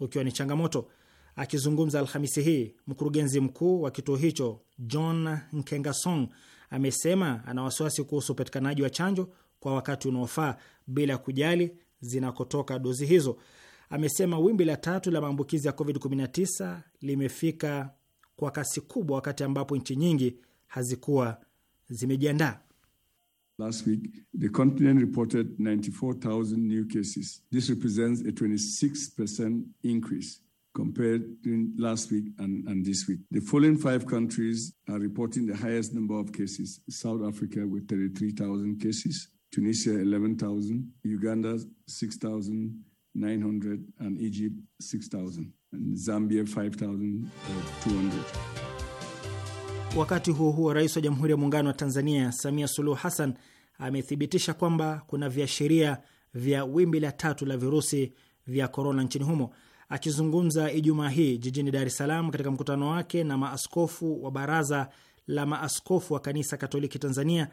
S1: ukiwa ni changamoto. Akizungumza Alhamisi hii, mkurugenzi mkuu wa kituo hicho John Nkengasong amesema ana wasiwasi kuhusu upatikanaji wa chanjo kwa wakati unaofaa bila kujali zinakotoka dozi hizo. Amesema wimbi la tatu la maambukizi ya COVID-19 limefika kwa kasi kubwa wakati ambapo nchi nyingi hazikuwa zimejiandaa.
S3: Last week, the continent reported 94,000 new cases. This represents a 26% increase compared to last week and, and this week. The following five countries are reporting the highest number of cases. South Africa with 33,000 cases. Tunisia 11,000, Uganda 6,900, and Egypt 6,000, and Zambia 5,200. Uh, Wakati
S1: huo huo, Rais wa Jamhuri ya Muungano wa Tanzania Samia Suluhu Hassan amethibitisha kwamba kuna viashiria vya wimbi la tatu la virusi vya korona nchini humo. Akizungumza Ijumaa hii jijini Dar es Salaam katika mkutano wake na maaskofu wa Baraza la Maaskofu wa Kanisa Katoliki Tanzania,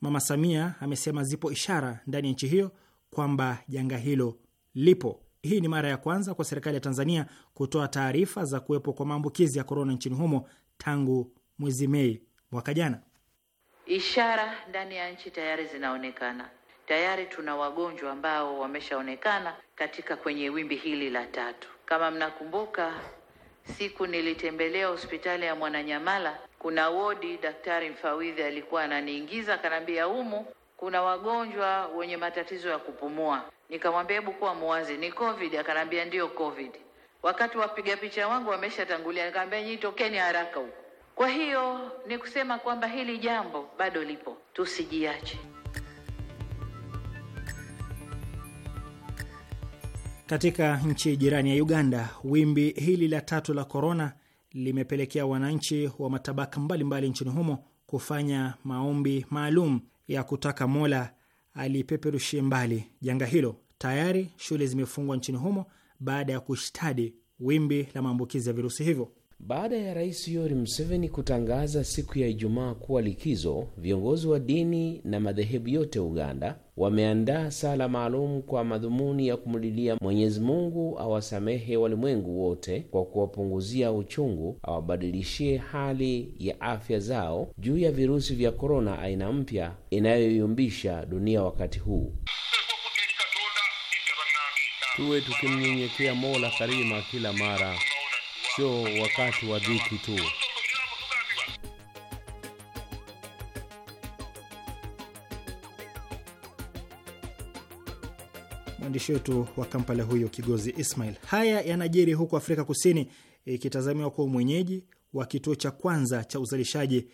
S1: Mama Samia amesema zipo ishara ndani ya nchi hiyo kwamba janga hilo lipo. Hii ni mara ya kwanza kwa serikali ya Tanzania kutoa taarifa za kuwepo kwa maambukizi ya korona nchini humo tangu mwezi Mei mwaka jana.
S5: Ishara ndani ya nchi tayari zinaonekana, tayari tuna wagonjwa ambao wameshaonekana katika kwenye wimbi hili la tatu. Kama mnakumbuka, siku nilitembelea hospitali ya Mwananyamala kuna wodi, daktari mfawidhi alikuwa ananiingiza akaniambia, humu kuna wagonjwa wenye matatizo ya kupumua. Nikamwambia, hebu kuwa muwazi, ni COVID? Akanambia ndio COVID. Wakati wapiga picha wangu wameshatangulia, nikamwambia nyinyi tokeni haraka huko. Kwa hiyo ni kusema kwamba hili jambo bado lipo, tusijiache.
S1: Katika nchi jirani ya Uganda, wimbi hili la tatu la korona limepelekea wananchi wa matabaka mbalimbali mbali nchini humo kufanya maombi maalum ya kutaka Mola alipeperushie mbali janga hilo. Tayari shule zimefungwa nchini humo baada ya kushtadi wimbi la maambukizi ya virusi hivyo. Baada ya Rais Yoweri Museveni kutangaza siku ya
S3: Ijumaa kuwa likizo, viongozi wa dini na madhehebu yote Uganda wameandaa sala maalum kwa madhumuni ya kumlilia Mwenyezi Mungu awasamehe walimwengu
S5: wote kwa kuwapunguzia uchungu, awabadilishie hali ya afya zao juu ya virusi vya korona aina mpya inayoyumbisha dunia wakati huu. Tuwe tukimnyenyekea Mola Karima kila mara, sio wakati wa dhiki tu.
S1: mwandishi wetu wa Kampala huyo Kigozi Ismail. Haya yanajiri huku Afrika Kusini ikitazamiwa kuwa mwenyeji wa kituo cha kwanza cha uzalishaji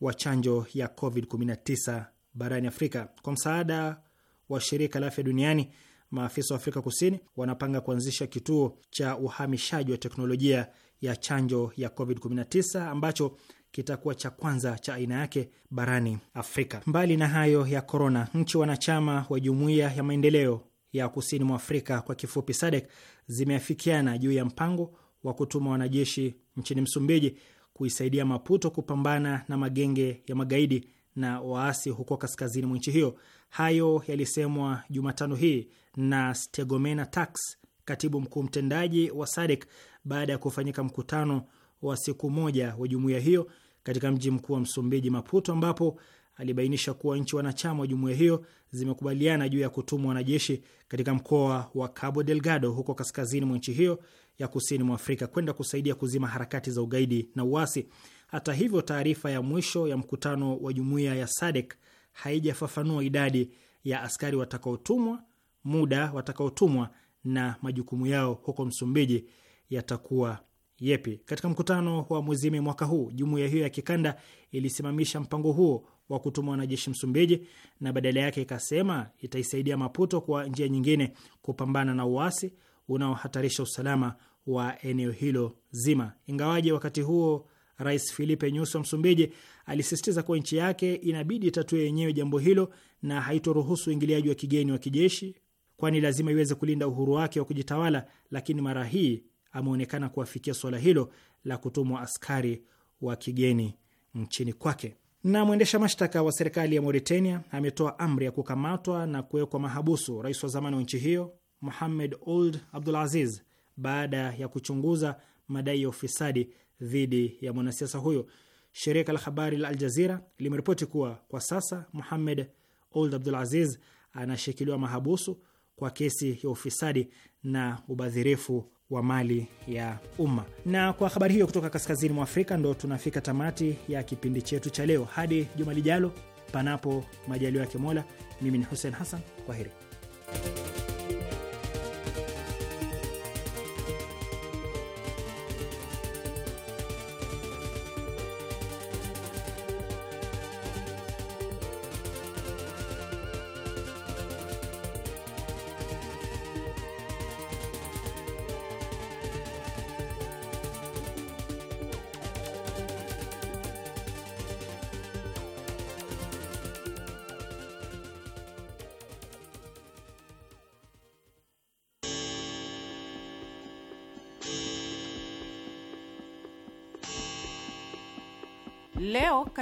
S1: wa chanjo ya COVID-19 barani Afrika kwa msaada wa shirika la afya duniani. Maafisa wa Afrika Kusini wanapanga kuanzisha kituo cha uhamishaji wa teknolojia ya chanjo ya COVID-19 ambacho kitakuwa cha kwanza cha aina yake barani Afrika. Mbali na hayo ya korona, nchi wanachama wa jumuiya ya maendeleo ya kusini mwa Afrika kwa kifupi SADC zimeafikiana juu ya mpango wa kutuma wanajeshi nchini Msumbiji kuisaidia Maputo kupambana na magenge ya magaidi na waasi huko kaskazini mwa nchi hiyo. Hayo yalisemwa Jumatano hii na Stegomena Tax, katibu mkuu mtendaji wa SADC baada ya kufanyika mkutano wa siku moja wa jumuiya hiyo katika mji mkuu wa Msumbiji, Maputo, ambapo alibainisha kuwa nchi wanachama wa jumuiya hiyo zimekubaliana juu ya kutumwa wanajeshi katika mkoa wa Cabo Delgado huko kaskazini mwa nchi hiyo ya kusini mwa Afrika kwenda kusaidia kuzima harakati za ugaidi na uasi. Hata hivyo, taarifa ya mwisho ya mkutano wa jumuiya ya SADC haijafafanua idadi ya askari watakaotumwa, muda watakaotumwa na majukumu yao huko Msumbiji yatakuwa Yepi. Katika mkutano wa mwezi Mei mwaka huu, jumuiya hiyo ya kikanda ilisimamisha mpango huo wa kutuma wanajeshi Msumbiji na badala yake ikasema itaisaidia Maputo kwa njia nyingine kupambana na uasi unaohatarisha usalama wa eneo hilo zima. Ingawaje wakati huo Rais Filipe Nyusi wa Msumbiji alisisitiza kuwa nchi yake inabidi itatue yenyewe jambo hilo na haitoruhusu uingiliaji wa kigeni wa kijeshi, kwani lazima iweze kulinda uhuru wake wa kujitawala, lakini mara hii ameonekana kuafikia suala hilo la kutumwa askari wa kigeni nchini kwake. Na mwendesha mashtaka wa serikali ya Mauritania ametoa amri ya kukamatwa na kuwekwa mahabusu rais wa zamani wa nchi hiyo Mohamed Ould Abdul Aziz baada ya kuchunguza madai ya ufisadi dhidi ya mwanasiasa huyo. Shirika la habari la Al Jazira limeripoti kuwa kwa sasa Mohamed Ould Abdul Aziz anashikiliwa mahabusu kwa kesi ya ufisadi na ubadhirifu wa mali ya umma. Na kwa habari hiyo kutoka kaskazini mwa Afrika, ndo tunafika tamati ya kipindi chetu cha leo. Hadi juma lijalo, panapo majalio yake Mola, mimi ni Hussein Hassan, kwa heri.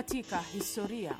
S2: katika historia.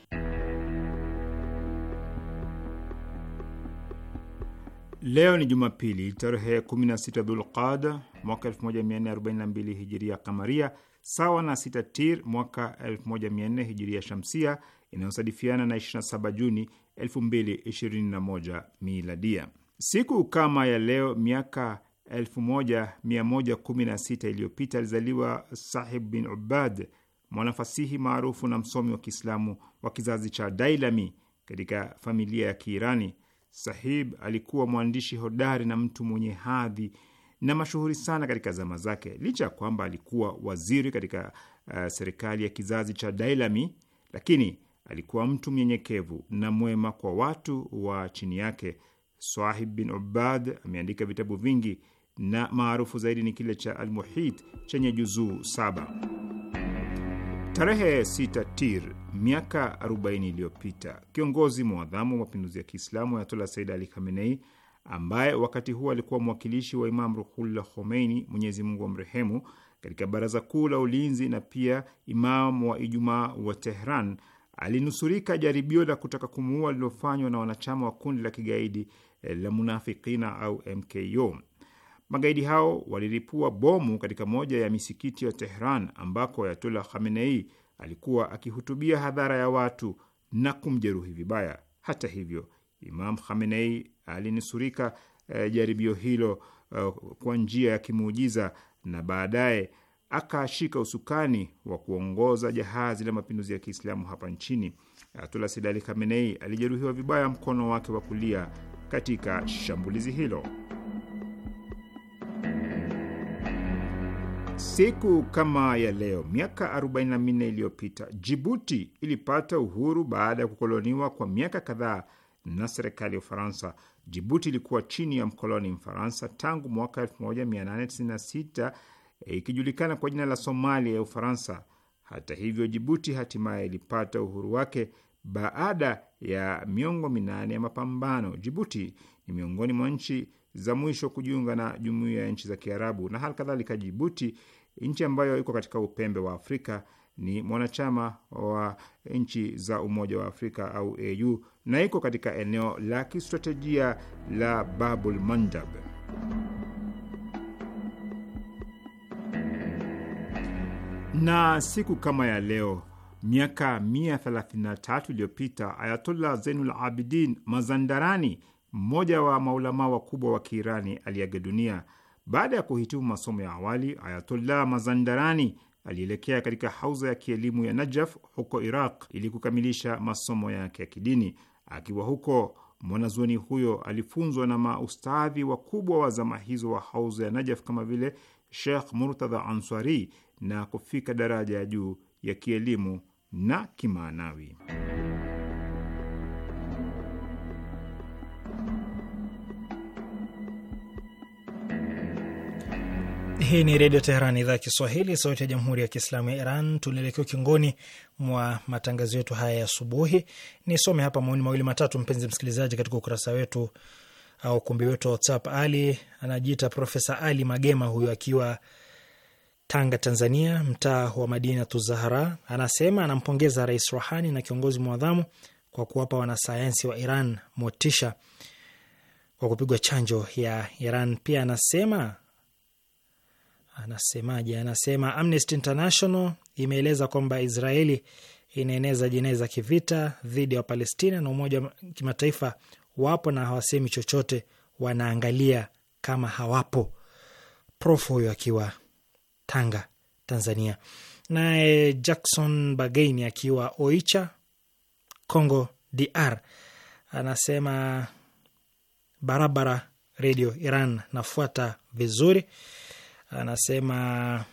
S5: Leo ni Jumapili tarehe 16 Dhulqada mwaka 1442 hijiria kamaria, sawa na 6 Tir mwaka 1400 hijiria shamsia, inayosadifiana na 27 Juni 2021 miladia. Siku kama ya leo miaka 1116 iliyopita alizaliwa Sahib bin Ubad, mwanafasihi maarufu na msomi wa Kiislamu wa kizazi cha Dailami katika familia ya Kiirani. Sahib alikuwa mwandishi hodari na mtu mwenye hadhi na mashuhuri sana katika zama zake. Licha ya kwamba alikuwa waziri katika uh, serikali ya kizazi cha Dailami, lakini alikuwa mtu mnyenyekevu na mwema kwa watu wa chini yake. Swahib bin Ubad ameandika vitabu vingi na maarufu zaidi ni kile cha Almuhit chenye juzuu saba. Tarehe 6 Tir miaka 40 iliyopita, kiongozi mwadhamu wa mapinduzi ya Kiislamu Ayatola Said Ali Khamenei, ambaye wakati huo alikuwa mwakilishi wa Imam Ruhullah Khomeini, Mwenyezi Mungu wa mrehemu, katika Baraza Kuu la Ulinzi na pia imamu wa Ijumaa wa Tehran, alinusurika jaribio la kutaka kumuua lililofanywa na wanachama wa kundi la kigaidi la Munafikina au MKO. Magaidi hao waliripua bomu katika moja ya misikiti ya Tehran ambako Ayatullah Khamenei alikuwa akihutubia hadhara ya watu na kumjeruhi vibaya. Hata hivyo, Imam Khamenei alinusurika eh, jaribio hilo eh, kwa njia ya kimuujiza na baadaye akashika usukani wa kuongoza jahazi la mapinduzi ya Kiislamu hapa nchini. Ayatullah sidali Ali Khamenei alijeruhiwa vibaya mkono wake wa kulia katika shambulizi hilo. Siku kama ya leo miaka 44 iliyopita Jibuti ilipata uhuru baada ya kukoloniwa kwa miaka kadhaa na serikali ya Ufaransa. Jibuti ilikuwa chini ya mkoloni Mfaransa tangu mwaka 1896 eh, ikijulikana kwa jina la Somalia ya Ufaransa. Hata hivyo, Jibuti hatimaye ilipata uhuru wake baada ya miongo minane ya mapambano. Jibuti ni miongoni mwa nchi za mwisho kujiunga na jumuiya ya nchi za Kiarabu, na hali kadhalika Jibuti, nchi ambayo iko katika upembe wa Afrika, ni mwanachama wa nchi za Umoja wa Afrika au AU na iko katika eneo la kistratejia la Babul Mandab. Na siku kama ya leo miaka 133 iliyopita Ayatullah Zeinul Abidin Mazandarani mmoja wa maulamaa wakubwa wa Kiirani aliaga dunia. Baada ya kuhitimu masomo ya awali, Ayatullah Mazandarani alielekea katika hauza ya kielimu ya Najaf huko Iraq ili kukamilisha masomo yake ya kidini. Akiwa huko, mwanazuoni huyo alifunzwa na maustadhi wakubwa wa zama hizo wa hauza ya Najaf kama vile Sheikh Murtadha Answari na kufika daraja ya juu ya kielimu na kimaanawi. Hii ni
S1: Redio Teheran, idhaa ya Kiswahili, sauti ya Jamhuri ya Kiislamu ya Iran. Tunaelekea ukingoni mwa matangazo yetu haya ya asubuhi. Nisome hapa maoni mawili matatu, mpenzi msikilizaji, katika ukurasa wetu au ukumbi wetu wa WhatsApp. Ali anajiita Profesa Ali Magema, huyo akiwa Tanga, Tanzania, mtaa wa Madina Tuzahara, anasema anampongeza Rais Rohani na kiongozi mwadhamu kwa kuwapa wanasayansi wa Iran motisha kwa kupigwa chanjo ya Iran. Pia anasema anasemaje? Anasema Amnesty International imeeleza kwamba Israeli inaeneza jinai za kivita dhidi ya Wapalestina na Umoja wa Kimataifa wapo na hawasemi chochote, wanaangalia kama hawapo. Prof huyo akiwa Tanga, Tanzania. Naye Jackson Bagaini akiwa Oicha, Congo DR anasema barabara, Redio Iran nafuata vizuri anasema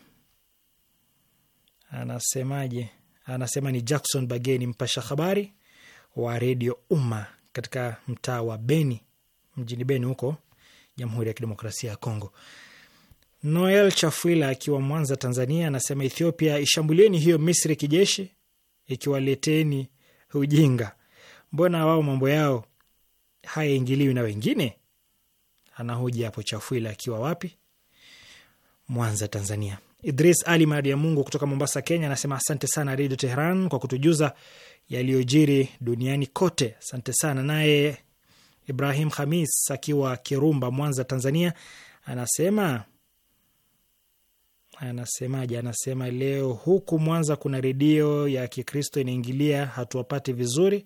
S1: anasemaje? Anasema ni Jackson Bageni, mpasha habari wa redio Umma katika mtaa wa Beni, mjini Beni huko Jamhuri ya Kidemokrasia ya Kongo. Noel Chafuila akiwa Mwanza, Tanzania, anasema Ethiopia ishambulieni hiyo Misri kijeshi, ikiwaleteni ujinga. Mbona wao mambo yao hayaingiliwi na wengine? Anahoji hapo Chafuila akiwa wapi Mwanza, Tanzania. Idris Ali Maadi ya Mungu kutoka Mombasa, Kenya anasema asante sana Redio Teheran kwa kutujuza yaliyojiri duniani kote. Asante sana. Naye Ibrahim Hamis akiwa Kirumba, Mwanza, Tanzania anasema anasemaje? Anasema leo huku Mwanza kuna redio ya Kikristo inaingilia, hatuwapati vizuri,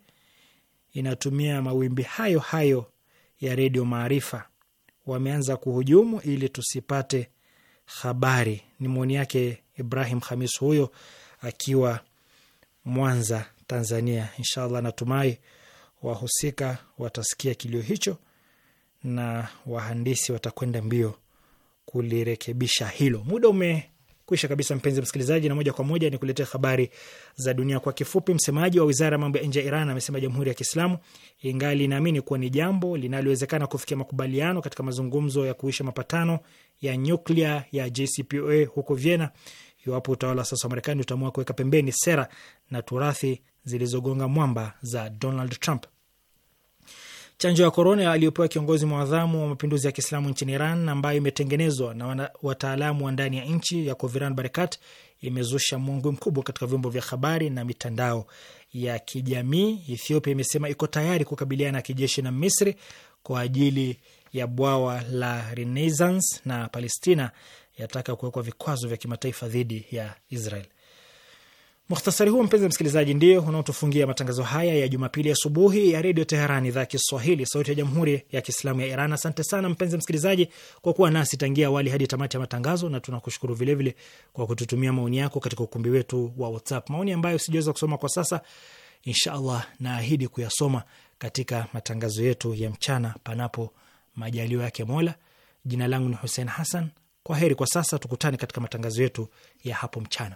S1: inatumia mawimbi hayo hayo ya Redio Maarifa. Wameanza kuhujumu ili tusipate habari. Ni maoni yake Ibrahim Hamis, huyo akiwa Mwanza, Tanzania. Inshallah, natumai wahusika watasikia kilio hicho na wahandisi watakwenda mbio kulirekebisha hilo. Muda ume Kuisha kabisa, mpenzi msikilizaji, na moja kwa moja ni kuletea habari za dunia kwa kifupi. Msemaji wa wizara ya mambo ya nje ya Iran amesema jamhuri ya Kiislamu ingali inaamini kuwa ni jambo linalowezekana kufikia makubaliano katika mazungumzo ya kuisha mapatano ya nyuklia ya JCPOA huko Vienna iwapo utawala sasa wa Marekani utaamua kuweka pembeni sera na turathi zilizogonga mwamba za Donald Trump. Chanjo ya korona aliyopewa kiongozi mwadhamu wa mapinduzi ya Kiislamu nchini Iran, ambayo imetengenezwa na wataalamu wa ndani ya nchi ya Coviran Barakat, imezusha mwangwi mkubwa katika vyombo vya habari na mitandao ya kijamii. Ethiopia imesema iko tayari kukabiliana kijeshi na Misri kwa ajili ya bwawa la Renaissance, na Palestina yataka kuwekwa vikwazo vya kimataifa dhidi ya Israel. Mukhtasari huo mpenzi msikilizaji, ndio unaotufungia matangazo haya ya Jumapili asubuhi ya, ya Redio Teherani, idhaa Kiswahili, sauti ya Jamhuri ya Kiislamu ya Iran. Asante sana mpenzi msikilizaji kwa kuwa nasi tangia awali hadi tamati ya matangazo, na tunakushukuru vilevile kwa kututumia maoni yako katika ukumbi wetu wa WhatsApp, maoni ambayo sijaweza kusoma kwa sasa. Inshallah naahidi kuyasoma katika matangazo yetu ya mchana, panapo majalio yake Mola. Jina langu ni Hussein Hassan, kwa heri kwa sasa, tukutane katika matangazo yetu ya hapo mchana.